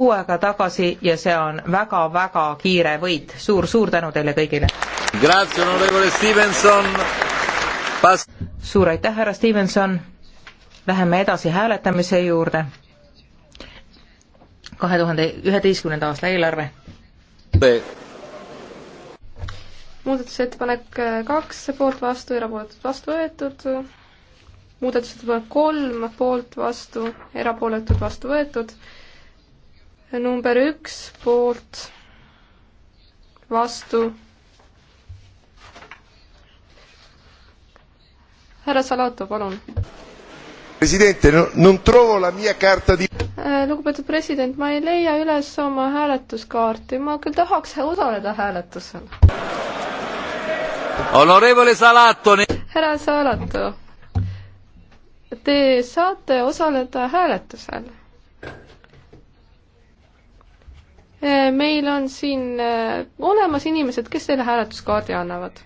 kuu aega tagasi ja see on väga-väga kiire võit suur,. suur-suur tänu teile kõigile! suur aitäh, härra Stevenson! Läheme edasi hääletamise juurde. kahe tuhande üheteistkümnenda aasta eelarve. muudatusettepanek äh, kaks, poolt vastu, erapooletud vastu võetud. muudatusettepanek kolm, poolt vastu, erapooletud vastu võetud number üks poolt, vastu. härra Salato, palun. president, non trovo la mia carta di äh, lugupeetud president, ma ei leia üles oma hääletuskaarti, ma küll tahaks osaleda hääletusel. härra Salato, te saate osaleda hääletusel Eh, meil on siin eh, olemas inimesed, kes selle hääletuskaardi annavad.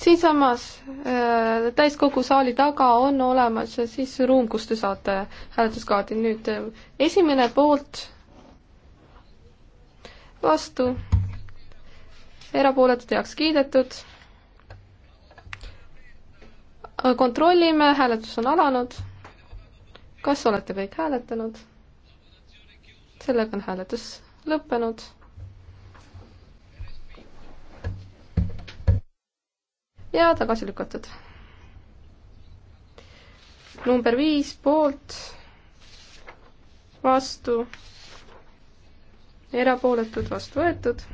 siinsamas eh, täiskogu saali taga on olemas siis ruum, kus te saate hääletuskaardi. nüüd esimene poolt, vastu, erapooletud heaks kiidetud. kontrollime, hääletus on alanud kas olete kõik hääletanud? sellega on hääletus lõppenud. ja tagasi lükatud. number viis poolt, vastu, erapooletud, vastu võetud.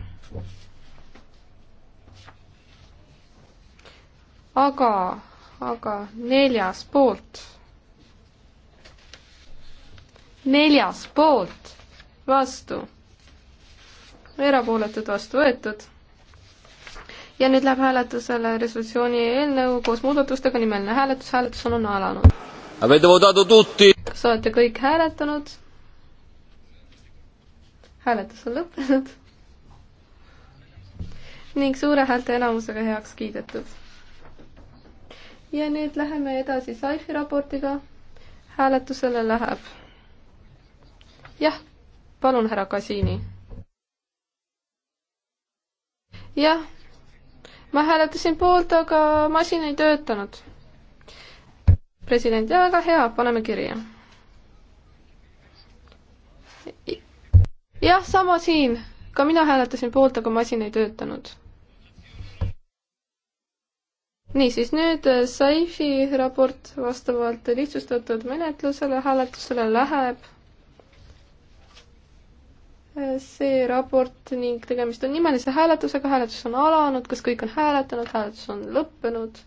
aga, aga neljas poolt, neljas poolt vastu, erapooletud, vastu võetud. ja nüüd läheb hääletusele resolutsiooni eelnõu koos muudatustega, nimeline hääletus, hääletus on alanud. kas olete kõik hääletanud? hääletus on lõppenud ning suure häälte enamusega heaks kiidetud. ja nüüd läheme edasi Saifi raportiga. hääletusele läheb jah palun, härra Kasiini. jah, ma hääletasin poolt, aga masin ei töötanud. president, väga hea, paneme kirja. jah, sama siin, ka mina hääletasin poolt, aga masin ei töötanud. niisiis, nüüd äh, Saifi raport vastavalt lihtsustatud menetlusele hääletusele läheb see raport ning tegemist on nimelise hääletusega, hääletus on alanud, kas kõik on hääletanud, hääletus on lõppenud.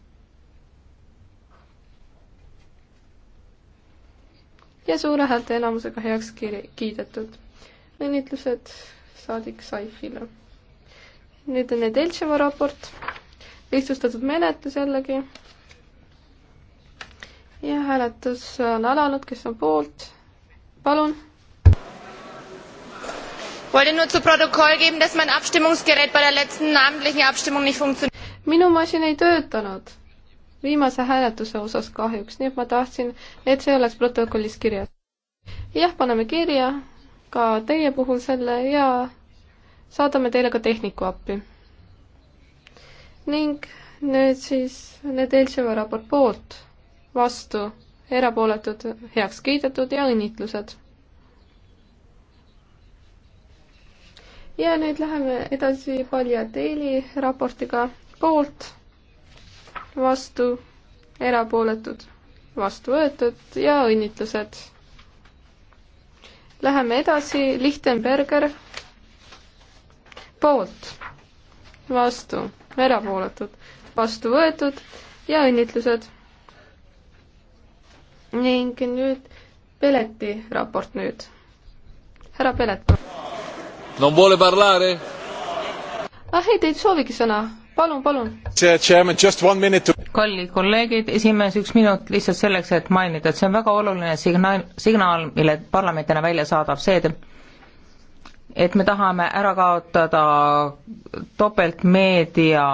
ja suure häälte enamusega heaks kiidetud. õnnitlused saadik Saifile. nüüd on Nedeltševa raport, lihtsustatud menetlus jällegi. ja hääletus on alanud, kes on poolt, palun wollte nur zu Protokoll geben, dass mein Abstimmungsgerät bei der letzten namentlichen Abstimmung nicht funktioniert. minu masin ei töötanud viimase hääletuse osas kahjuks, nii et ma tahtsin, et see oleks protokollis kirjas. jah, paneme kirja ka teie puhul selle ja saadame teile ka tehniku appi. ning nüüd siis need Eltseva raport poolt, vastu, erapooletud, heaks kiidetud ja õnnitlused ja nüüd läheme edasi Paljateli raportiga poolt, vastu, erapooletud, vastu võetud ja õnnitlused. Läheme edasi, Lichtenberger poolt, vastu, erapooletud, vastu võetud ja õnnitlused. ning nüüd Peleti raport nüüd. härra Pelet, palun. Non vuole parlare? ah ei, te ei soovigi sõna, palun, palun. kallid kolleegid, esimees, üks minut lihtsalt selleks, et mainida, et see on väga oluline signaal, signaal, mille parlament täna välja saadab, see, et et me tahame ära kaotada topeltmeedia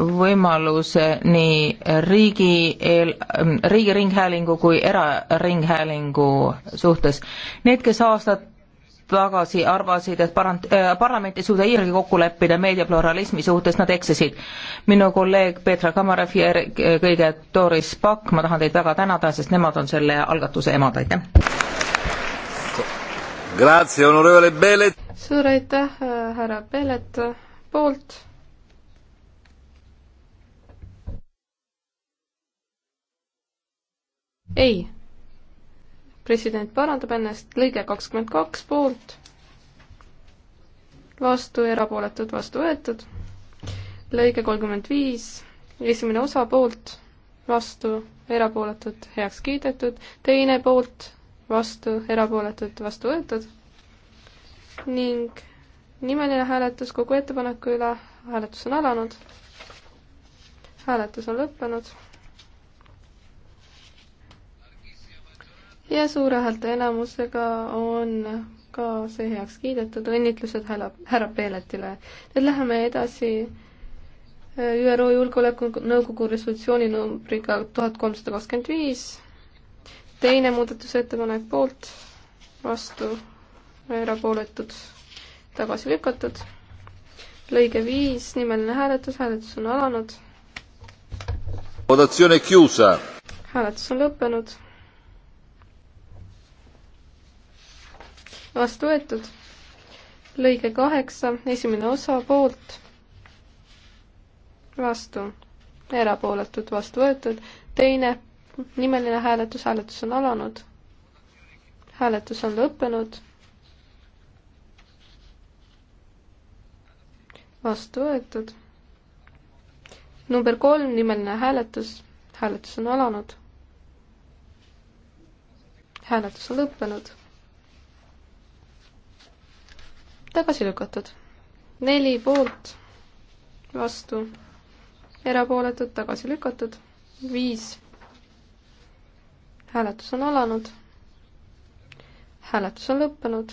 võimaluse nii riigi eel, riigiringhäälingu kui eraringhäälingu suhtes. Need, kes aastat tagasi arvasid, et parant- äh,, parlament ei suuda iialgi kokku leppida meediapluralismi suhtes, nad eksisid. minu kolleeg Petra Kamarev ja er-, kõige Doris Pakk, ma tahan teid väga tänada, sest nemad on selle algatuse emad, aitäh! suur aitäh, äh, härra Bellet, poolt ei president parandab ennast, lõige kakskümmend kaks poolt, vastu, erapooletud, vastu võetud, lõige kolmkümmend viis, esimene osa poolt, vastu, erapooletud, heaks kiidetud, teine poolt, vastu, erapooletud, vastu võetud ning nimeline hääletus kogu ettepaneku üle, hääletus on alanud, hääletus on lõppenud ja suure häälteenamusega on ka see heaks kiidetud, õnnitlused härra, härra Peeletile. nüüd läheme edasi äh, ÜRO Julgeolekunõukogu resolutsiooni numbriga tuhat kolmsada kakskümmend viis, teine muudatusettepanek poolt, vastu, erapooletud, tagasi lükatud, lõige viis, nimeline hääletus, hääletus on alanud. hääletus on lõppenud vastu võetud. lõige kaheksa, esimene osa poolt, vastu, erapooletud, vastu võetud, teine, nimeline hääletus, hääletus on alanud, hääletus on lõppenud vastu võetud. number kolm, nimeline hääletus. hääletus on alanud. hääletus on lõppenud. tagasi lükatud. neli poolt, vastu, erapooletud, tagasi lükatud. viis. hääletus on alanud. hääletus on lõppenud.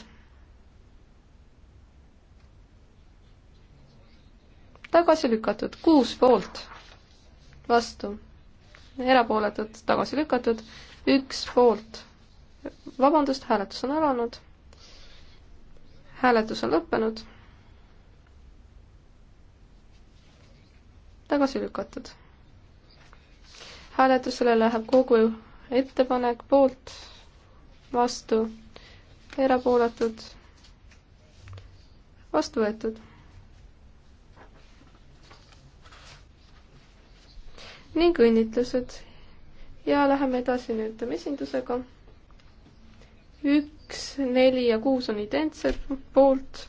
tagasi lükatud, kuus poolt, vastu, erapooletud, tagasi lükatud, üks poolt. vabandust, hääletus on alanud hääletus on lõppenud. tagasi lükatud. hääletusele läheb kogu ettepanek poolt, vastu, erapooletud, vastu võetud. ning õnnitlused ja läheme edasi nüüd esindusega. üks üks, neli ja kuus on identsed, poolt,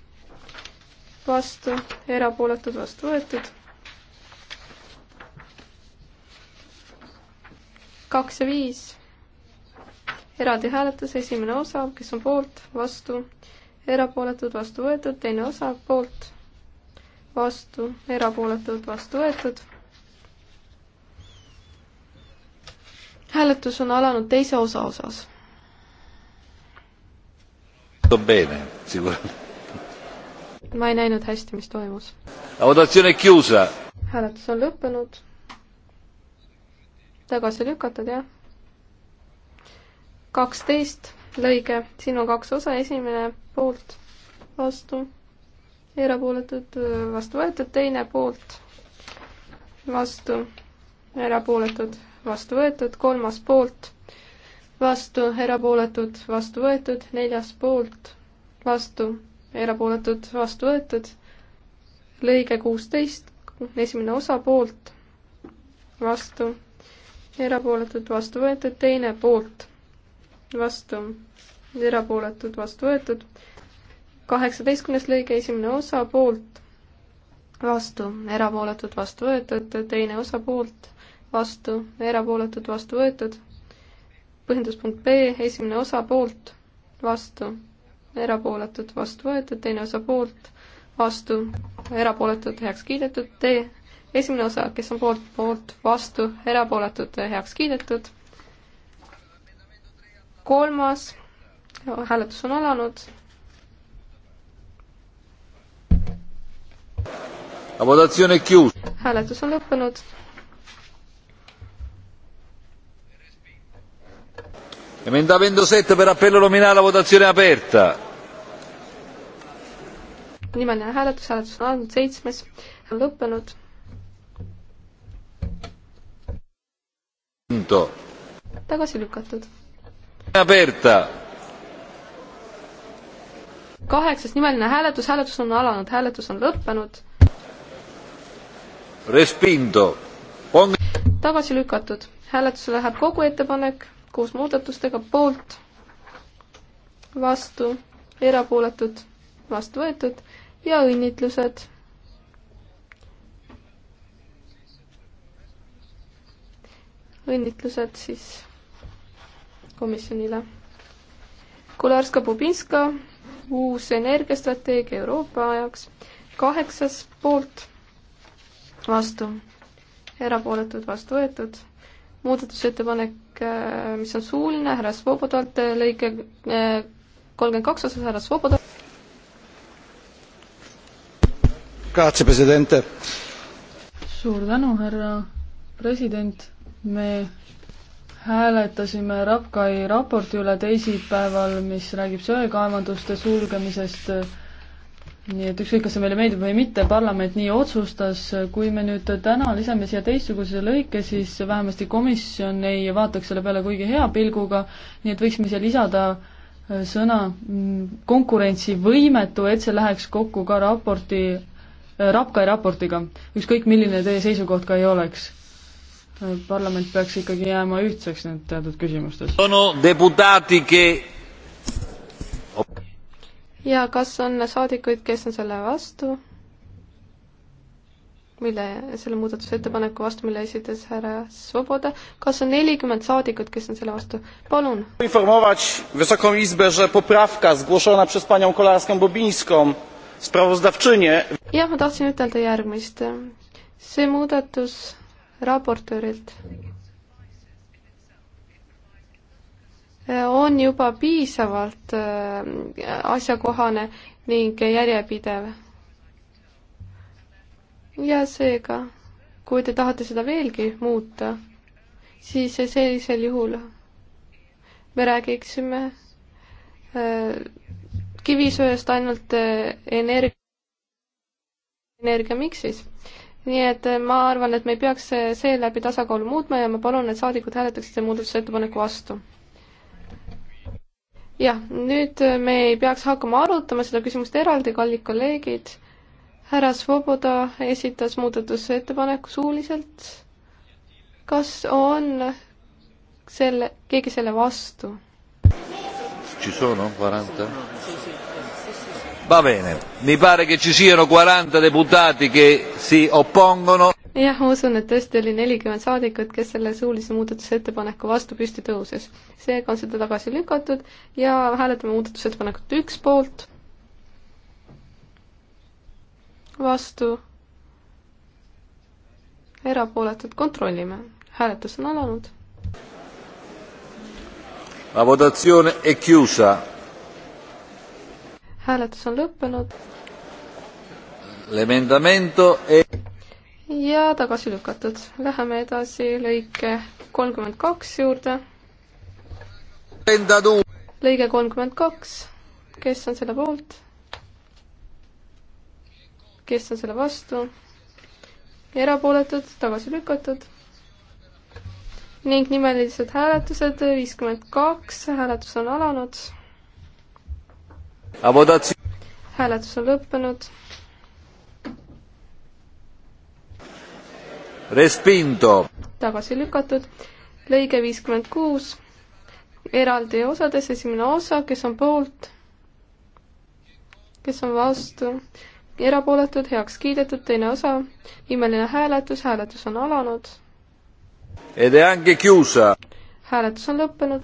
vastu, erapooletud, vastu võetud. kaks ja viis, eraldi hääletus, esimene osa, kes on poolt, vastu, erapooletud, vastu võetud, teine osa, poolt, vastu, erapooletud, vastu võetud hääletus on alanud teise osa osas ma ei näinud hästi, mis toimus. hääletus on lõppenud. tagasi lükatud, jah. kaksteist lõige, siin on kaks osa, esimene poolt, vastu, erapooletud, vastu võetud, teine poolt, vastu, erapooletud, vastu võetud, kolmas poolt vastu, erapooletud, vastu võetud, neljas poolt, vastu, erapooletud, vastu võetud, lõige kuusteist, esimene osa poolt, vastu, erapooletud, vastu võetud, teine poolt, vastu, erapooletud, vastu võetud, kaheksateistkümnes lõige, esimene osa poolt, vastu, erapooletud, vastu võetud, teine osa poolt, vastu, erapooletud, vastu võetud põhjenduspunkt B, esimene osa poolt, vastu, erapooletud, vastu võetud, teine osa poolt, vastu, erapooletud, heaks kiidetud, D, esimene osa, kes on poolt, poolt, vastu, erapooletud, heaks kiidetud. kolmas, hääletus on alanud. hääletus on lõppenud emendamento sette per appello nominale votazione aperta nimeline hääletus hääletus on alanud seitsmes on lõppenud tagasi lükatud aperta kaheksas nimeline hääletus hääletus on alanud hääletus on lõppenud respinto on tagasi lükatud hääletusele läheb kogu ettepanek koos muudatustega poolt, vastu, erapooletud, vastu võetud ja õnnitlused. õnnitlused siis komisjonile. Kularska-Bubinska, uus energiastrateegia Euroopa ajaks, kaheksas poolt, vastu, erapooletud, vastu võetud, muudatusettepanek Äh, mis on suuline härra Svobodalt, äh, lõige äh, kolmkümmend kaks osas härra Svobodalt. suur tänu, härra president, me hääletasime Rapkai raporti üle teisipäeval, mis räägib söekaevanduste sulgemisest nii et ükskõik, kas see meile meeldib või mitte, parlament nii otsustas, kui me nüüd täna lisame siia teistsuguse lõike, siis vähemasti komisjon ei vaataks selle peale kuigi hea pilguga, nii et võiksime siia lisada äh, sõna mm, konkurentsivõimetu, et see läheks kokku ka raporti, äh, RAPKAI raportiga, ükskõik milline teie seisukoht ka ei oleks. Äh, parlament peaks ikkagi jääma ühtseks nüüd teatud küsimustes ja kas on saadikuid, kes on selle vastu? mille, selle muudatusettepaneku vastu, mille esitas härra Svoboda, kas on nelikümmend saadikut, kes on selle vastu? palun. informować Wysoką Izbę, że poprawka zgłoszona przez panią Kolarską-Bobińską, sprawozdawczynię. jah, ma tahtsin ütelda järgmist. see muudatus raportöörilt on juba piisavalt äh, asjakohane ning järjepidev. ja seega, kui te tahate seda veelgi muuta, siis sellisel juhul me räägiksime äh, kivisöest ainult äh, energia, energiamiksis nii et ma arvan, et me ei peaks seeläbi tasakaalu muutma ja ma palun, et saadikud hääletaksid selle muudatusettepaneku vastu jah, nüüd äh, me ei peaks hakkama arutama seda küsimust eraldi, kallid kolleegid. härra Svoboda esitas muudatusettepaneku suuliselt. kas on selle, keegi selle vastu? Ci sono 40? Va bene, mi pare che ci siano 40 deputati che si oppongono jah, ma usun, et tõesti oli nelikümmend saadikut, kes selle suulise muudatusettepaneku vastu püsti tõusis. seega on seda tagasi lükatud ja hääletame muudatusettepanekut üks poolt, vastu, erapooletud, kontrollime. hääletus on alanud. La votazione è chiusa. Hääletus on lõppenud. L'emendamento è e ja tagasi lükatud. Läheme edasi lõike kolmkümmend kaks juurde. lõige kolmkümmend kaks, kes on selle poolt? kes on selle vastu? erapooletud, tagasi lükatud. ning nimelised hääletused, viiskümmend kaks, hääletus on alanud. hääletus on lõppenud Respinto. tagasi lükatud. lõige viiskümmend kuus, eraldi osades, esimene osa, kes on poolt, kes on vastu, erapooletud, heaks kiidetud, teine osa, nimeline hääletus, hääletus on alanud. hääletus on lõppenud.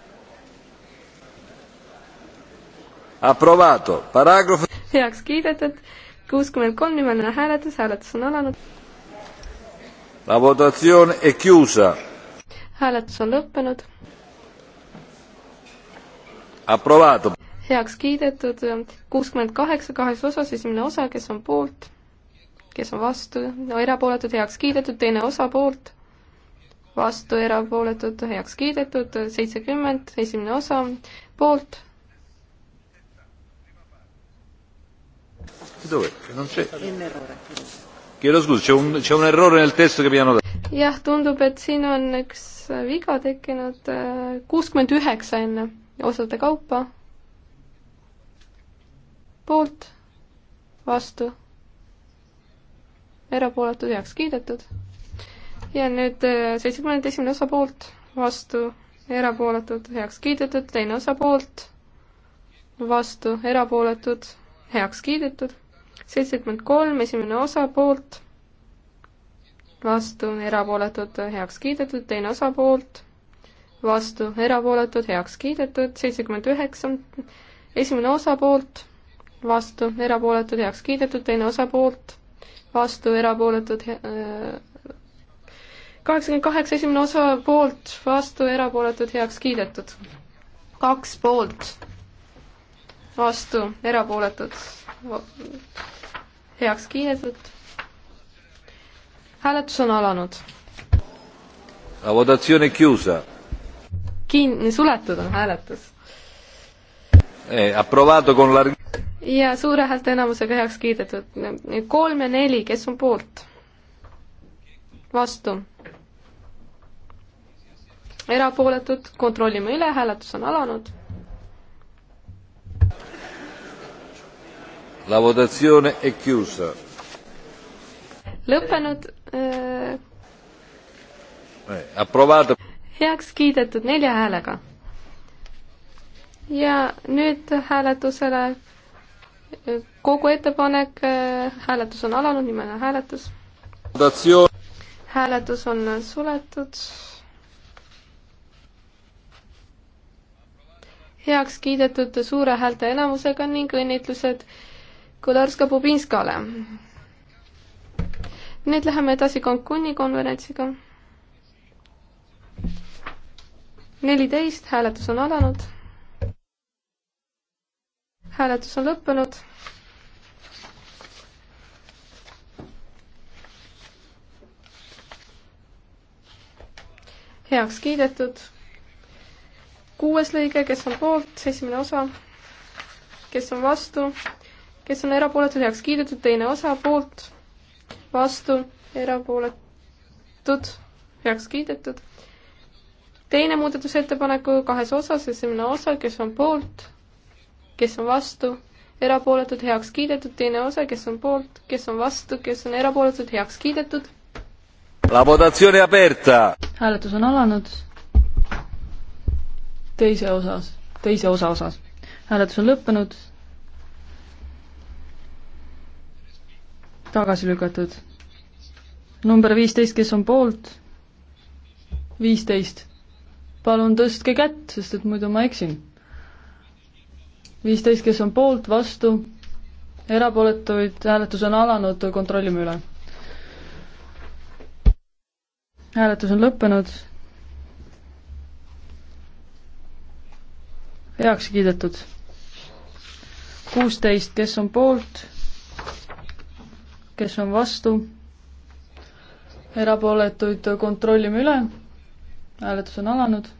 Approvato. Paragrahv. heaks kiidetud, kuuskümmend kolm nimeline hääletus, hääletus on alanud La votazione è chiusa. hääletus on lõppenud. Approvato. heaks kiidetud kuuskümmend kaheksa kahes osas, esimene osa, kes on poolt, kes on vastu, no erapooletud, heaks kiidetud, teine osa poolt, vastu, erapooletud, heaks kiidetud, seitsekümmend, esimene osa, poolt. dove? non c'è jah, tundub, et siin on üks viga tekkinud, äh, kuuskümmend üheksa enne osade kaupa. poolt, vastu, erapooletud, heaks kiidetud. ja nüüd äh, seitsmekümnenda esimene osa poolt, vastu, erapooletud, heaks kiidetud, teine osa poolt, vastu, erapooletud, heaks kiidetud seitsekümmend kolm, esimene osa poolt, vastu, erapooletud, heaks kiidetud, teine osa poolt, vastu, erapooletud, heaks kiidetud, seitsekümmend üheksa, esimene osa poolt, vastu, erapooletud, heaks kiidetud, teine osa poolt, vastu, erapooletud, kaheksakümmend kaheksa, esimene osa poolt, vastu, erapooletud, heaks kiidetud. kaks poolt, vastu, erapooletud heaks kiidetud. hääletus on alanud. kin-, suletud on hääletus eh,. Larg... ja suure häälteenamusega heaks kiidetud. kolm ja neli, kes on poolt? vastu? erapooletud, kontrollime üle, hääletus on alanud La votazione è chiusa. lõppenud äh,. Eh, approvato. heaks kiidetud nelja häälega. ja nüüd hääletusele äh, kogu ettepanek, äh, hääletus on alanud, nimeline hääletus. hääletus on suletud. heaks kiidetud suure häälte enamusega ning õnnitlused Kularska-Bubinskale. nüüd läheme edasi Cancuni konverentsiga. neliteist, hääletus on alanud. hääletus on lõppenud. heaks kiidetud. kuues lõige, kes on poolt, esimene osa, kes on vastu kes on erapooletud, heaks kiidetud, teine osa poolt, vastu, erapooletud, heaks kiidetud. teine muudatusettepanek kahes osas, esimene osa, kes on poolt, kes on vastu, erapooletud, heaks kiidetud, teine osa, kes on poolt, kes on vastu, kes on erapooletud, heaks kiidetud. La votazione aperta. hääletus on alanud. teise osas, teise osa osas. hääletus on lõppenud tagasi lükatud. number viisteist, kes on poolt? viisteist. palun tõstke kätt, sest et muidu ma eksin. viisteist, kes on poolt, vastu, erapooletuid, hääletus on alanud, kontrollime üle. hääletus on lõppenud heaks kiidetud. kuusteist, kes on poolt, kes on vastu, erapooletuid kontrollime üle, hääletus on alanud.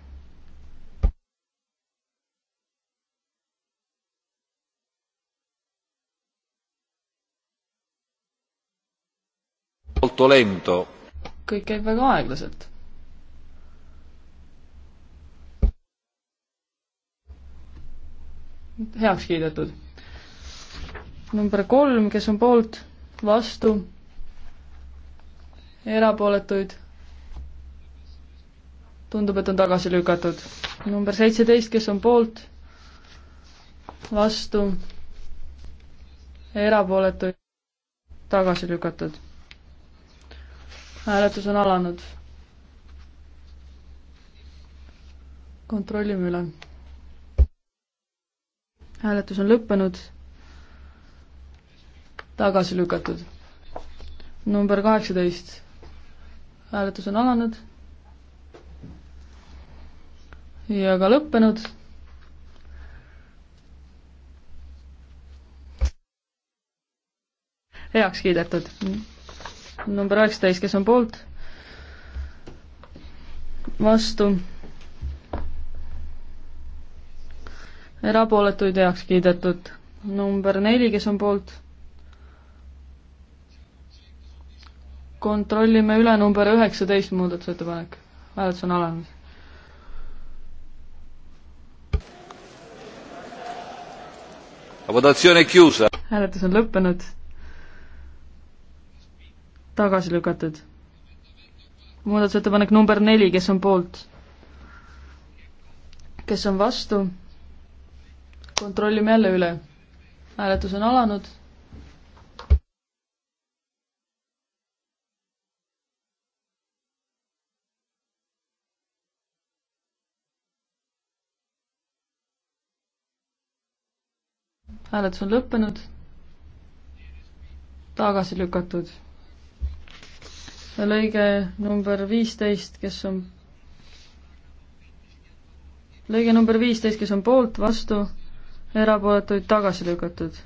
kõik käib väga aeglaselt heaks kiidetud. number kolm, kes on poolt? vastu, erapooletuid. tundub, et on tagasi lükatud. number seitseteist, kes on poolt, vastu, erapooletuid, tagasi lükatud. hääletus on alanud. kontrollime üle. hääletus on lõppenud tagasi lükatud. number kaheksateist, hääletus on alanud ja ka lõppenud. heaks kiidetud. number üheksateist, kes on poolt? vastu. erapooletuid heaks kiidetud. number neli, kes on poolt? kontrollime üle number üheksateist muudatusettepanek. hääletus on alanud. hääletus on lõppenud. tagasi lükatud. muudatusettepanek number neli, kes on poolt? kes on vastu? kontrollime jälle üle. hääletus on alanud hääletus on lõppenud. tagasi lükatud. lõige number viisteist, kes on, lõige number viisteist, kes on poolt, vastu, erapooletuid tagasi lükatud.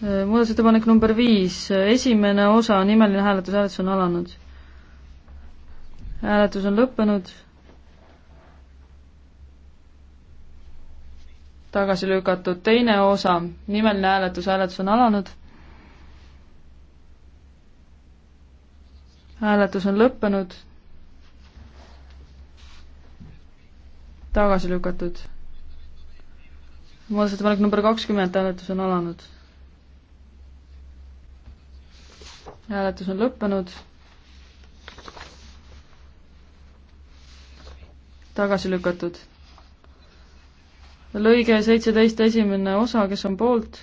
Äh, muudatusettepanek number viis, esimene osa, nimeline hääletus, hääletus on alanud. hääletus on lõppenud tagasi lükatud, teine osa, nimeline hääletus, hääletus on alanud. hääletus on lõppenud. tagasi lükatud. muudatusettepanek number kakskümmend, hääletus on alanud. hääletus on lõppenud. tagasi lükatud lõige seitseteist esimene osa, kes on poolt,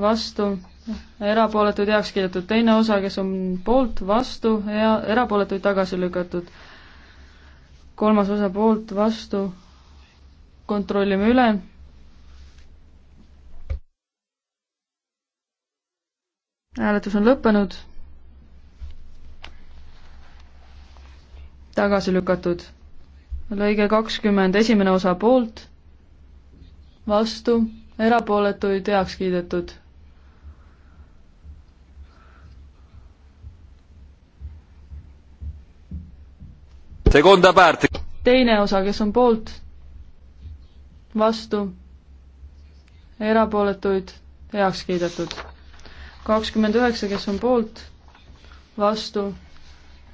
vastu, erapooletuid heaks kiidetud, teine osa, kes on poolt, vastu ja erapooletuid tagasi lükatud. kolmas osa poolt, vastu, kontrollime üle hääletus on lõppenud. tagasi lükatud. lõige kakskümmend, esimene osa poolt, vastu, erapooletuid heaks kiidetud. teine osa, kes on poolt, vastu, erapooletuid heaks kiidetud. kakskümmend üheksa, kes on poolt, vastu,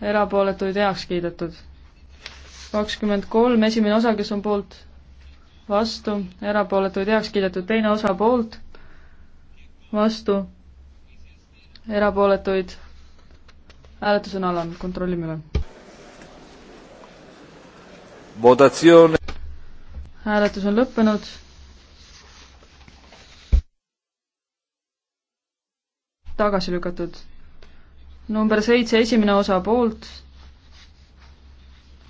erapooletuid heaks kiidetud. kakskümmend kolm, esimene osa, kes on poolt vastu, erapooletuid heaks kiidetud, teine osa poolt, vastu, erapooletuid, hääletus on alanud, kontrollime üle. hääletus on lõppenud. tagasi lükatud. number seitse, esimene osa poolt,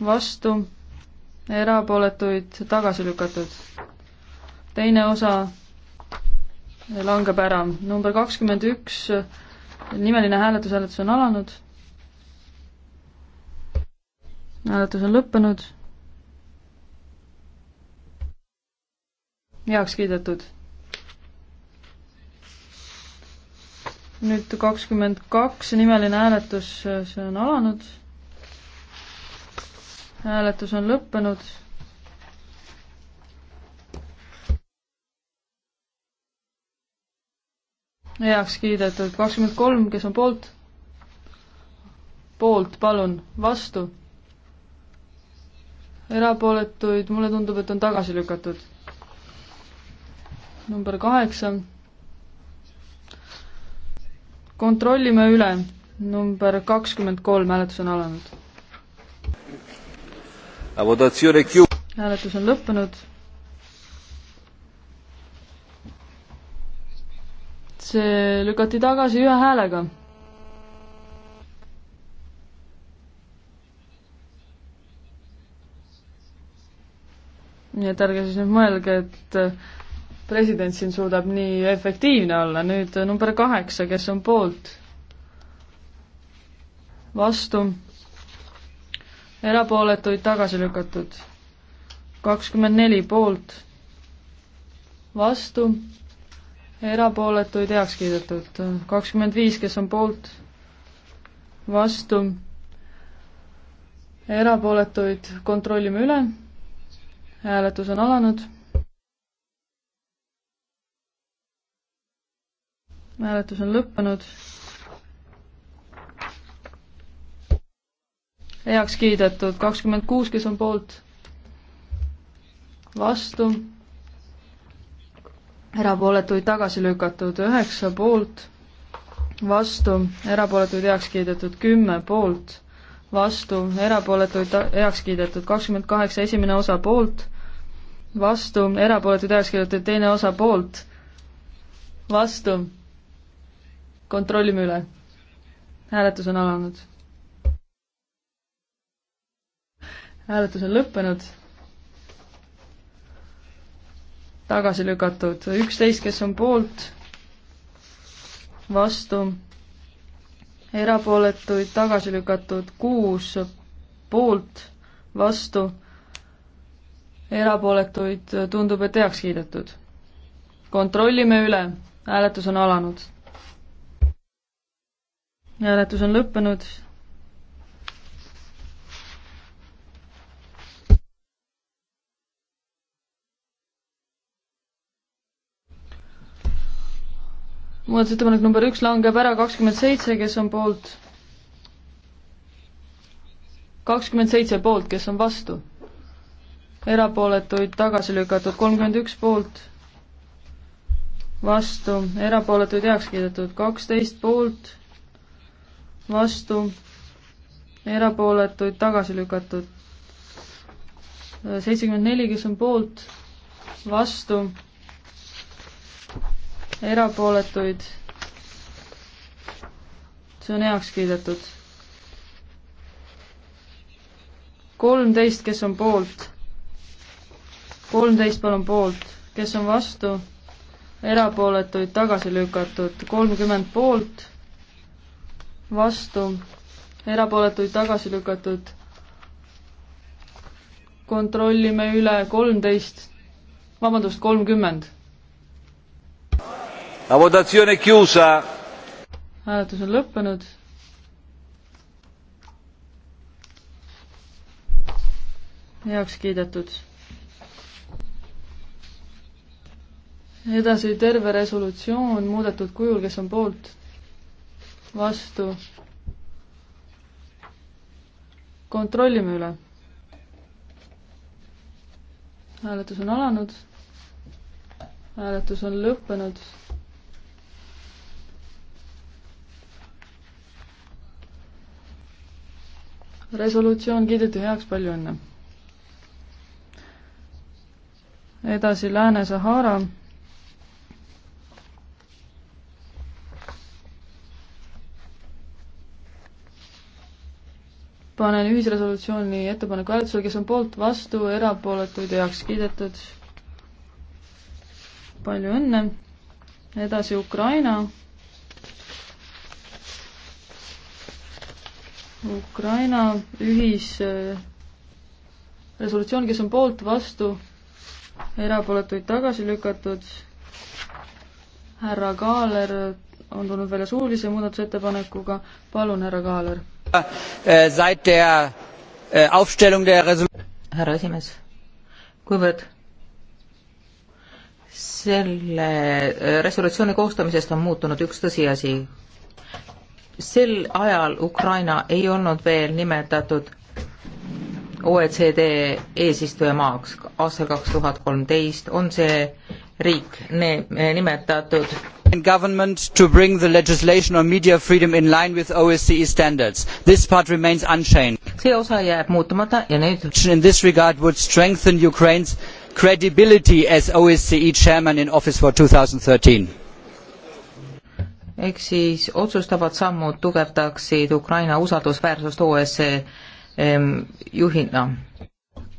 vastu erapooletuid tagasi lükatud. teine osa langeb ära. number kakskümmend üks, nimeline hääletus, hääletus on alanud. hääletus on lõppenud. heaks kiidetud. nüüd kakskümmend kaks, nimeline hääletus, see on alanud hääletus on lõppenud. heaks kiidetud kakskümmend kolm, kes on poolt? poolt, palun, vastu. erapooletuid, mulle tundub, et on tagasi lükatud. number kaheksa. kontrollime üle, number kakskümmend kolm, hääletus on alanud hääletus on lõppenud. see lükati tagasi ühe häälega nii et ärge siis nüüd mõelge, et äh, president siin suudab nii efektiivne olla, nüüd äh, number kaheksa, kes on poolt? vastu? erapooletuid tagasi lükatud. kakskümmend neli poolt, vastu, erapooletuid heaks kiidetud. kakskümmend viis, kes on poolt, vastu, erapooletuid kontrollime üle, hääletus on alanud. hääletus on lõppenud heaks kiidetud, kakskümmend kuus, kes on poolt, vastu, erapooletuid tagasi lükatud, üheksa poolt, vastu, erapooletuid heaks kiidetud, kümme poolt, vastu, erapooletuid heaks kiidetud, kakskümmend kaheksa, esimene osa poolt, vastu, erapooletuid heaks kiidetud, teine osa poolt, vastu, kontrollime üle. hääletus on alanud hääletus on lõppenud. tagasi lükatud üksteist, kes on poolt, vastu, erapooletuid tagasi lükatud kuus poolt, vastu, erapooletuid tundub, et heaks kiidetud. kontrollime üle, hääletus on alanud. hääletus on lõppenud muudatusettepanek number üks langeb ära, kakskümmend seitse, kes on poolt? kakskümmend seitse poolt, kes on vastu? erapooletuid tagasi lükatud, kolmkümmend üks poolt, vastu, erapooletuid heaks kiidetud, kaksteist poolt, vastu, erapooletuid tagasi lükatud, seitsekümmend neli, kes on poolt, vastu erapooletuid. see on heaks kiidetud. kolmteist, kes on poolt? kolmteist, palun poolt, kes on vastu? erapooletuid tagasi lükatud, kolmkümmend poolt, vastu, erapooletuid tagasi lükatud. kontrollime üle kolmteist, vabandust, kolmkümmend La votazione è chiusa. hääletus on lõppenud. heaks kiidetud. edasi terve resolutsioon muudetud kujul, kes on poolt, vastu. kontrollime üle. hääletus on alanud. hääletus on lõppenud resolutsioon kiideti heaks, palju õnne! edasi Lääne-Sahara panen ühisresolutsiooni ettepaneku hääletusele, kes on poolt, vastu, erapooletuid heaks kiidetud. palju õnne. edasi Ukraina Ukraina ühisresolutsioon, kes on poolt, vastu, erapooletuid tagasi lükatud. härra Kaaler on tulnud välja suulise muudatusettepanekuga, palun, härra Kaaler. Äh, härra esimees, kuivõrd selle äh, resolutsiooni koostamisest on muutunud üks tõsiasi, sel ajal Ukraina ei olnud veel nimetatud OECD eesistujamaaks. aastal kaks tuhat kolmteist on see riik nimetatud government to bring the legislation on media freedom in line with OSCE e standards. This part remains unchanged. see osa jääb muutumata ja nüüd in this regard would strengthen Ukraine's credibility as OSCE e chairman in office for 2013 ehk siis otsustavad sammud tugevdaksid Ukraina usaldusväärsust OSCE juhina.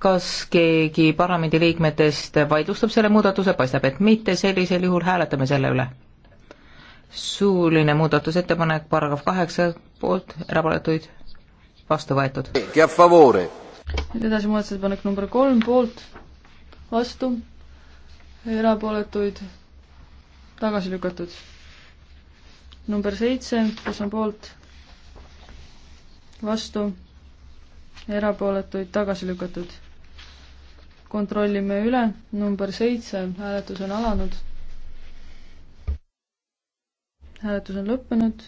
kas keegi parlamendiliikmetest vaidlustab selle muudatuse, paistab, et mitte, sellisel juhul hääletame selle üle. suuline muudatusettepanek, paragrahv kaheksa, poolt, erapooletuid, vastu võetud. nüüd edasi muudatusettepanek number kolm, poolt, vastu, erapooletuid, tagasi lükatud number seitse, kes on poolt, vastu, erapooletuid tagasi lükatud. kontrollime üle, number seitse, hääletus on alanud. hääletus on lõppenud.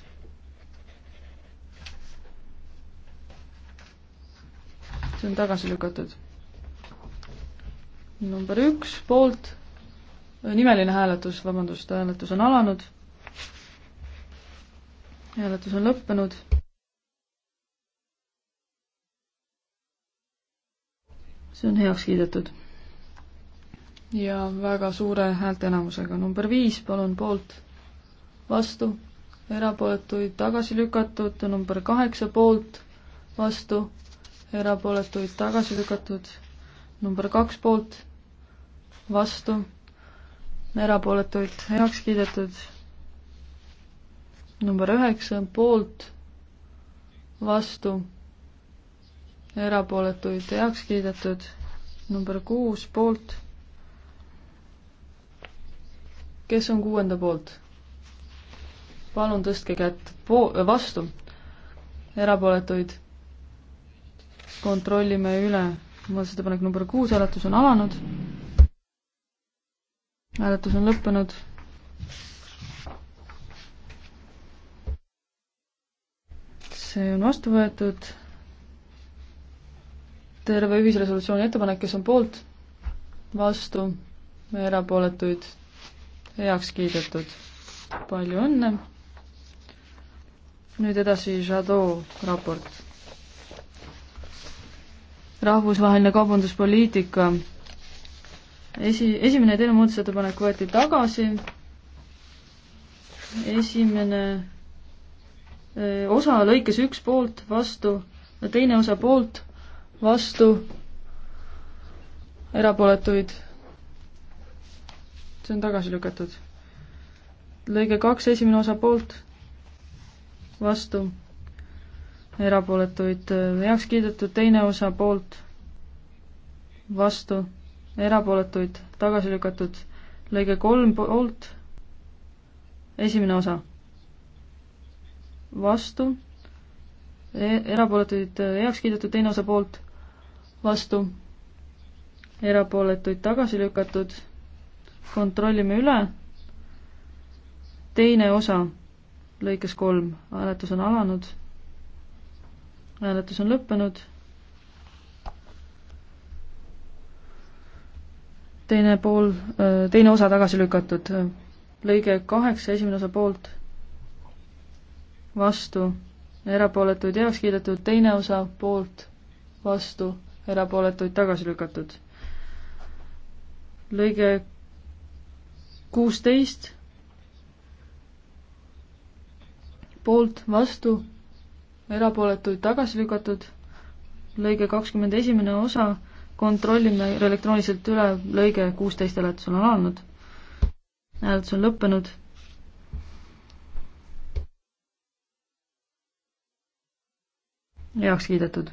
see on tagasi lükatud. number üks, poolt, nimeline hääletus, vabandust, hääletus on alanud hääletus on lõppenud. see on heaks kiidetud. ja väga suure häälteenamusega. number viis, palun poolt, vastu, erapooletuid tagasi lükatud, number kaheksa poolt, vastu, erapooletuid tagasi lükatud, number kaks poolt, vastu, erapooletuid heaks kiidetud number üheksa poolt, vastu, erapooletuid heaks kiidetud, number kuus poolt. kes on kuuenda poolt? palun tõstke kätt po-, vastu, erapooletuid. kontrollime üle, muudatusettepanek number kuus, hääletus on alanud. hääletus on lõppenud see on vastu võetud. terve ühisresolutsiooni ettepanek, kes on poolt, vastu, erapooletuid, heaks kiidetud. palju õnne. nüüd edasi Jadot raport. rahvusvaheline kaubanduspoliitika. esi, esimene ja teine muudatusettepanek võeti tagasi. esimene osa lõikes üks poolt, vastu, teine osa poolt, vastu, erapooletuid. see on tagasi lükatud. lõige kaks, esimene osa poolt, vastu, erapooletuid heaks kiidetud, teine osa poolt, vastu, erapooletuid tagasi lükatud, lõige kolm poolt, esimene osa vastu e, erapooletuid e, heaks kiidetud, teine osa poolt, vastu, erapooletuid tagasi lükatud, kontrollime üle, teine osa lõikes kolm, hääletus on alanud, hääletus on lõppenud, teine pool, e, teine osa tagasi lükatud, lõige kaheksa, esimene osa poolt vastu, erapooletuid heaks kiidetud, teine osa poolt, vastu, erapooletuid tagasi lükatud. lõige kuusteist, poolt, vastu, erapooletuid tagasi lükatud, lõige kakskümmend esimene osa, kontrollime elektrooniliselt üle, lõige kuusteist hääletus on alanud, hääletus on lõppenud heaks kiidetud.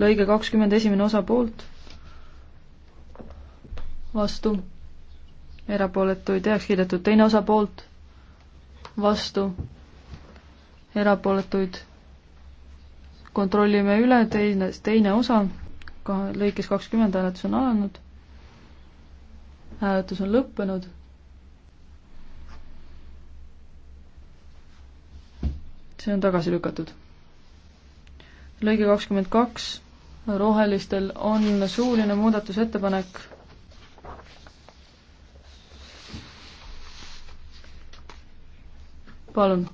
lõige kakskümmend esimene osa poolt, vastu, erapooletuid heaks kiidetud, teine osa poolt, vastu, erapooletuid kontrollime üle, teine, teine osa, kahe, lõikes kakskümmend hääletus on alanud, hääletus on lõppenud see on tagasi lükatud lõige kakskümmend kaks, rohelistel on suuline muudatusettepanek. palun.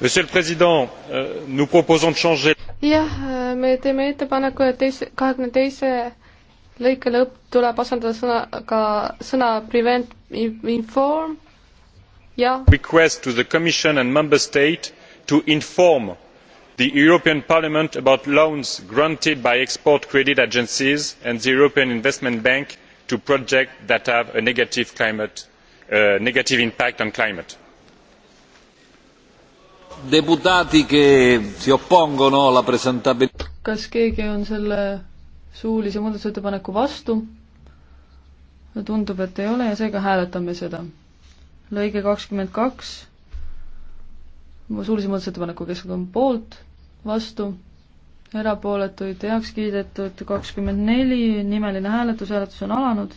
Monsieur le Président, euh, nous proposons de changer jah, me teeme ettepaneku, et teise, kahekümne teise lõike lõpp tuleb asendada sõnaga, sõna prevent inform ja request to the commission and member state to inform the european parliament about loans granted by export credit agencies and the european investment bank to projects that have a negative uh, impact on climate. kas keegi on selle suulise muudatusettepaneku vastu? tundub, et ei ole ja seega hääletame seda. lõige kakskümmend kaks suulise muudatusettepaneku keskkond poolt, vastu, erapooletuid heaks kiidetud kakskümmend neli, nimeline hääletus, hääletus on alanud,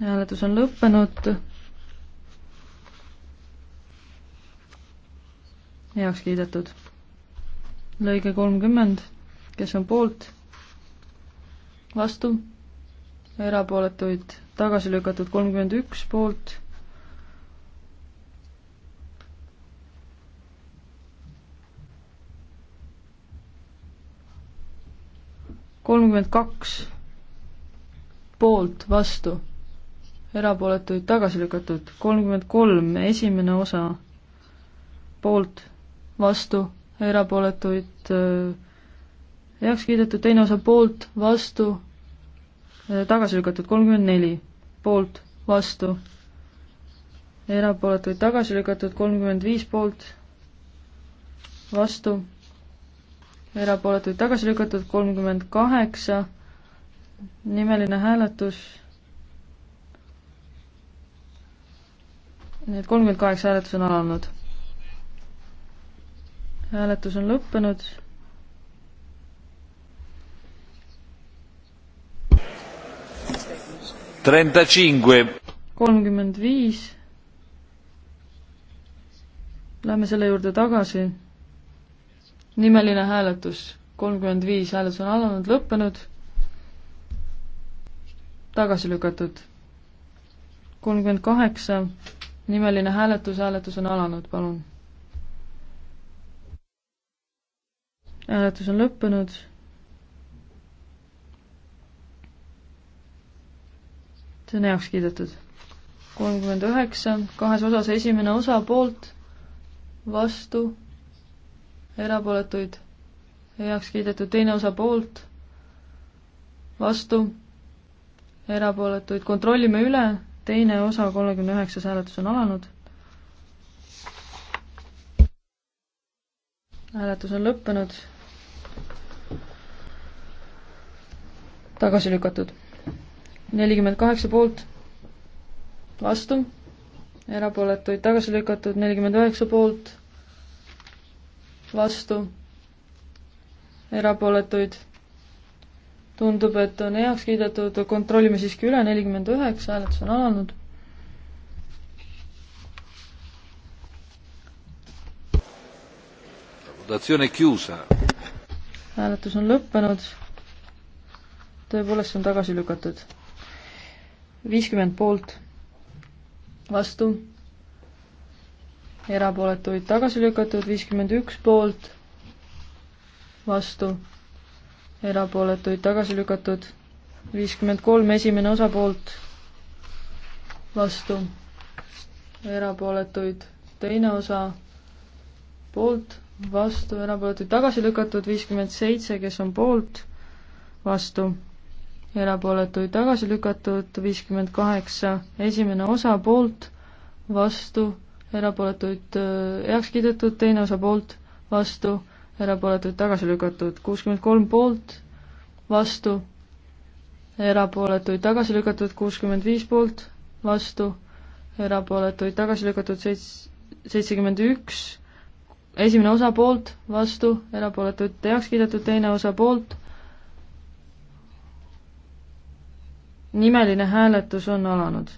hääletus on lõppenud, heaks kiidetud. lõige kolmkümmend, kes on poolt, vastu, erapooletuid tagasi lükatud kolmkümmend üks poolt kolmkümmend kaks poolt, vastu, erapooletuid tagasi lükatud, kolmkümmend kolm, esimene osa poolt, vastu, erapooletuid äh, heaks kiidetud, teine osa poolt, vastu, äh, tagasi lükatud, kolmkümmend neli poolt, vastu, erapooletuid tagasi lükatud, kolmkümmend viis poolt, vastu erapooletuid tagasi lükatud, kolmkümmend kaheksa, nimeline hääletus. nii et kolmkümmend kaheksa hääletus on alanud. hääletus on lõppenud trentacinque. kolmkümmend viis. Lähme selle juurde tagasi nimeline hääletus, kolmkümmend viis hääletus on alanud, lõppenud, tagasi lükatud. kolmkümmend kaheksa, nimeline hääletus, hääletus on alanud, palun. hääletus on lõppenud. see on heaks kiidetud. kolmkümmend üheksa, kahes osas esimene osa poolt, vastu erapooletuid heaks kiidetud, teine osa poolt, vastu, erapooletuid, kontrollime üle, teine osa, kolmekümne üheksas hääletus on alanud. hääletus on lõppenud. tagasi lükatud. nelikümmend kaheksa poolt, vastu, erapooletuid tagasi lükatud, nelikümmend üheksa poolt vastu, erapooletuid. tundub, et on heaks kiidetud, kontrollime siiski üle, nelikümmend üheksa, hääletus on alanud. hääletus on lõppenud. tõepoolest, see on tagasi lükatud. viiskümmend poolt, vastu erapooletuid tagasi lükatud, viiskümmend üks poolt, vastu, erapooletuid tagasi lükatud, viiskümmend kolm esimene osa poolt, vastu, erapooletuid teine osa poolt, vastu, erapooletuid tagasi lükatud, viiskümmend seitse, kes on poolt, vastu, erapooletuid tagasi lükatud, viiskümmend kaheksa esimene osa poolt, vastu, erapooletuid äh, heaks kiidetud, teine osa poolt, vastu, erapooletuid tagasi lükatud, kuuskümmend kolm poolt, vastu, erapooletuid tagasi lükatud, kuuskümmend viis poolt, vastu, erapooletuid tagasi lükatud, seits-, seitsekümmend üks, esimene osa poolt, vastu, erapooletuid heaks kiidetud, teine osa poolt, nimeline hääletus on alanud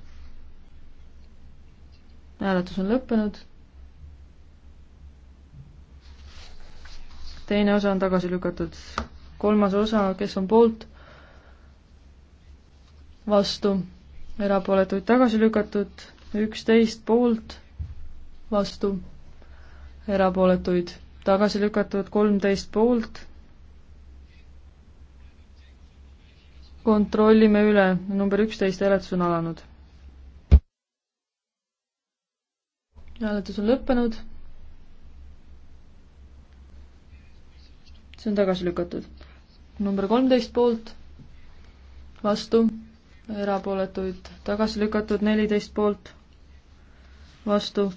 hääletus on lõppenud. teine osa on tagasi lükatud. kolmas osa, kes on poolt, vastu, erapooletuid tagasi lükatud, üksteist poolt, vastu, erapooletuid tagasi lükatud, kolmteist poolt. kontrollime üle, number üksteist hääletus on alanud hääletus on lõppenud. see on tagasi lükatud. number kolmteist poolt, vastu, erapooletuid tagasi lükatud, neliteist poolt, vastu,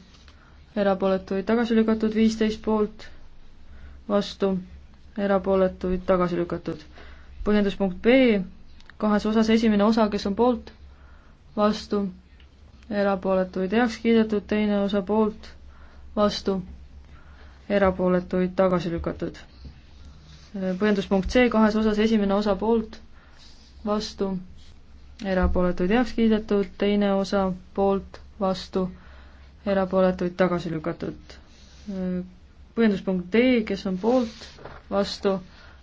erapooletuid tagasi lükatud, viisteist poolt, vastu, erapooletuid tagasi lükatud. põhjenduspunkt B, kahes osas esimene osa, kes on poolt, vastu erapooletuid heaks kiidetud, teine osa poolt, vastu, erapooletuid tagasi lükatud. põhjenduspunkt C kahes osas, esimene osa poolt, vastu, erapooletuid heaks kiidetud, teine osa poolt, vastu, erapooletuid tagasi lükatud. põhjenduspunkt D, kes on poolt, vastu,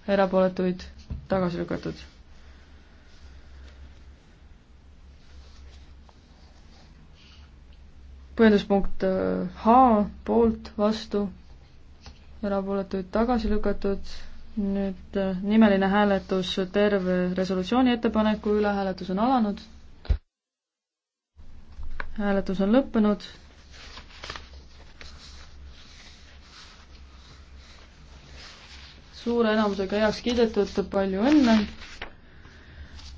erapooletuid tagasi lükatud põhjenduspunkt äh, H poolt, vastu, erapooletuid tagasi lükatud, nüüd äh, nimeline hääletus terve resolutsiooni ettepaneku üle, hääletus on alanud. hääletus on lõppenud. suure enamusega heaks kiidetud, palju õnne.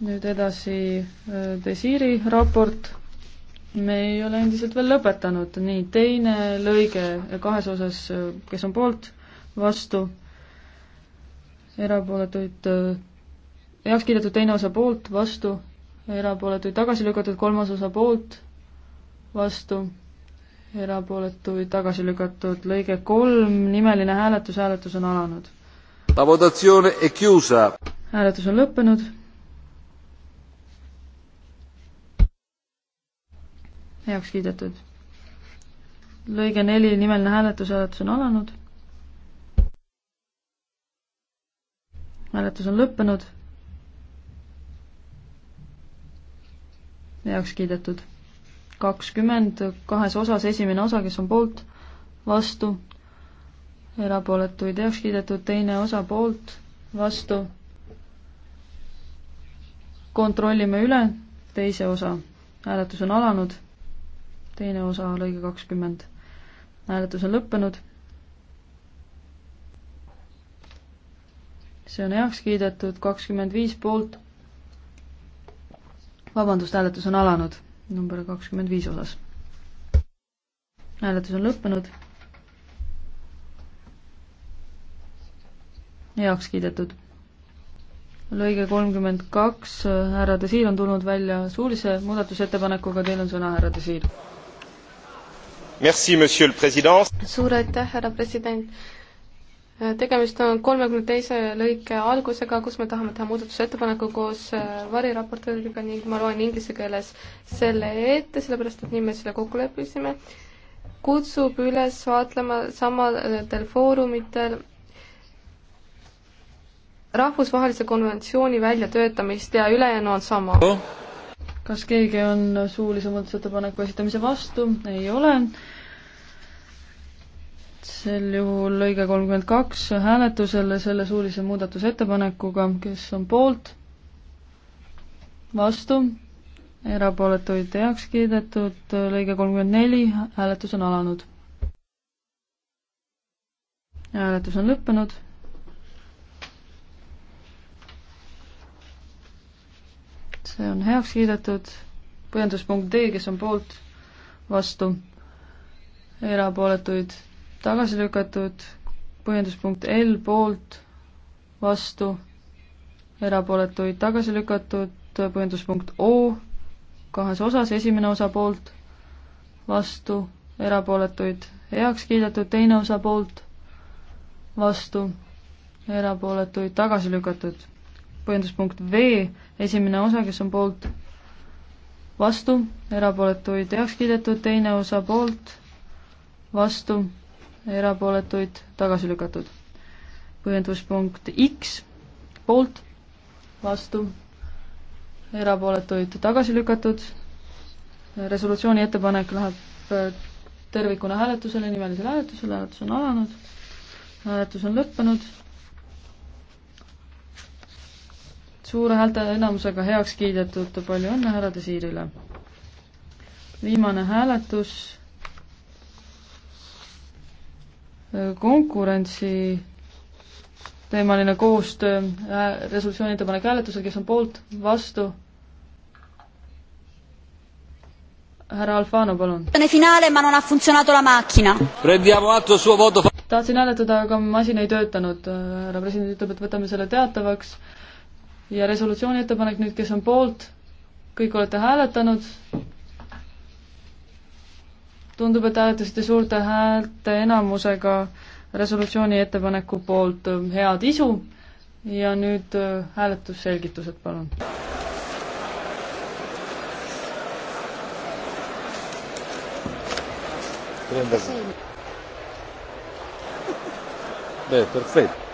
nüüd edasi äh, Desiri raport me ei ole endiselt veel lõpetanud, nii, teine lõige kahes osas, kes on poolt, vastu, erapooletuid, heaks kiidetud teine osa poolt, vastu, erapooletuid tagasi lükatud, kolmas osa poolt, vastu, erapooletuid tagasi lükatud, lõige kolm, nimeline hääletus, hääletus on alanud. hääletus on lõppenud heaks kiidetud. lõige neli, nimeline hääletus, hääletus on alanud. hääletus on lõppenud. heaks kiidetud. kakskümmend kahes osas, esimene osa, kes on poolt, vastu, erapooletuid heaks kiidetud, teine osa poolt, vastu. kontrollime üle, teise osa. hääletus on alanud teine osa, lõige kakskümmend. hääletus on lõppenud. see on heaks kiidetud, kakskümmend viis poolt. vabandust, hääletus on alanud, number kakskümmend viis osas. hääletus on lõppenud. heaks kiidetud lõige kolmkümmend kaks, härra Desir on tulnud välja suulise muudatusettepanekuga, teil on sõna, härra Desir suur aitäh, härra president! tegemist on kolmekümne teise lõike algusega, kus me tahame teha muudatusettepaneku koos äh, variraportööriga ning ma loen inglise keeles selle ette, sellepärast et nii me selle kokku leppisime. kutsub üles vaatlema samadel äh, foorumitel rahvusvahelise konventsiooni väljatöötamist ja ülejäänu on sama oh kas keegi on suulise muudatusettepaneku esitamise vastu? ei ole. sel juhul lõige kolmkümmend kaks hääletusele selle suulise muudatusettepanekuga, kes on poolt, vastu, erapooletuid heaks kiidetud, lõige kolmkümmend neli, hääletus on alanud. hääletus on lõppenud see on heaks kiidetud, põhjenduspunkt D, kes on poolt, vastu, erapooletuid tagasi lükatud, põhjenduspunkt L poolt, vastu, erapooletuid tagasi lükatud, põhjenduspunkt O kahes osas, esimene osa poolt, vastu, erapooletuid heaks kiidetud, teine osa poolt, vastu, erapooletuid tagasi lükatud põhjenduspunkt V, esimene osa, kes on poolt, vastu, erapooletuid heaks kiidetud, teine osa poolt, vastu, erapooletuid tagasi lükatud. põhjenduspunkt X, poolt, vastu, erapooletuid tagasi lükatud, resolutsiooni ettepanek läheb äh, tervikuna hääletusele, nimelisele hääletusele, hääletus on alanud, hääletus on lõppenud suure häälteenamusega heaks kiidetud, palju õnne härra Desiirile. viimane hääletus. konkurentsi teemaline koostöö resolutsiooni ettepanek hääletusel, kes on poolt, vastu? härra Alfano, palun. tahtsin hääletada, aga masin ei töötanud. härra president ütleb, et võtame selle teatavaks ja resolutsiooni ettepanek nüüd, kes on poolt, kõik olete hääletanud. tundub, et hääletasite suurte häälte enamusega resolutsiooni ettepaneku poolt, head isu ja nüüd äh, hääletusselgitused, palun. Beh, perfetto.